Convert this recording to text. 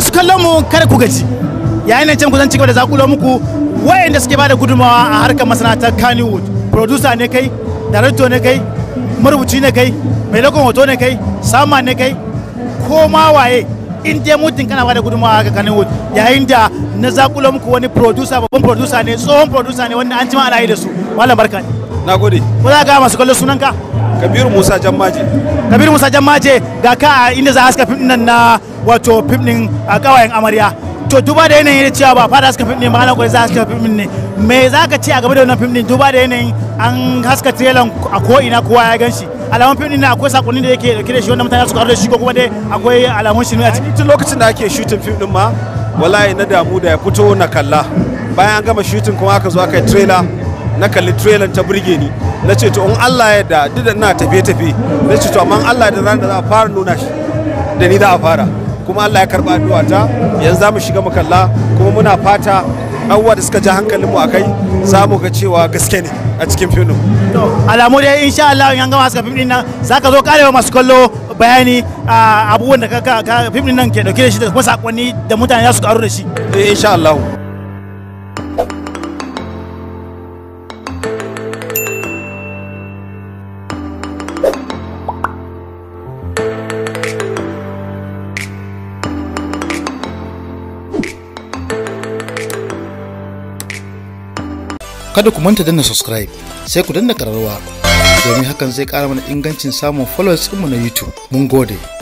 masu kallon mu kar ku gaji yayin da can ku zan cigaba da zakulo muku wayanda suke bada gudumawa a harkar masana'antar Kannywood producer ne kai director ne kai marubuci ne kai mai lokon hoto ne kai sama ne kai ko ma waye in dai mutum kana bada gudumawa ga Kannywood yayin da na zakulo muku wani producer babban producer ne tsohon producer ne wanda an ci ma ana da su malam barka ne nagode ko za ga masu kallon sunanka kabir musa jammaje kabir musa jammaje ga ka inda za a haska fim nan na wato fim din a kawayen amarya to duba da yanayin da cewa ba fara haska fim din ba na koyi za a haska fim ne me za ka ce a gaba da wannan fim din duba da yanayin an haska tilan a ko ina kowa ya gan shi alamun fim din akwai sakonnin da yake dauke da shi wanda mutane su karu da shi ko kuma dai akwai alamun shi ne a cikin lokacin da ake shooting fim din ma wallahi na damu da ya fito na kalla bayan an gama shooting kuma aka zo aka yi trailer na kalli trailer ta burge ni na ce to in Allah ya da duk da ina tafiye-tafiye na ce to amma Allah da ran za a fara nuna shi da ni za a fara kuma Allah ya karba addu'a ta yanzu za mu shiga mu kalla kuma muna fata abubuwa da suka ja hankalinmu a kai za mu ga cewa gaske ne a cikin filin. alamu dai insha Allah in gama suka fim din nan za ka zo karewa masu kallo bayani abubuwan da fim din nan ke dauke da shi da kuma sakonni da mutane za su karu da shi. Eh, insha Allah. kada ku manta danna subscribe sai ku danna kararwa domin hakan zai kara mana ingancin samun followers ɗinmu na YouTube. Mun gode.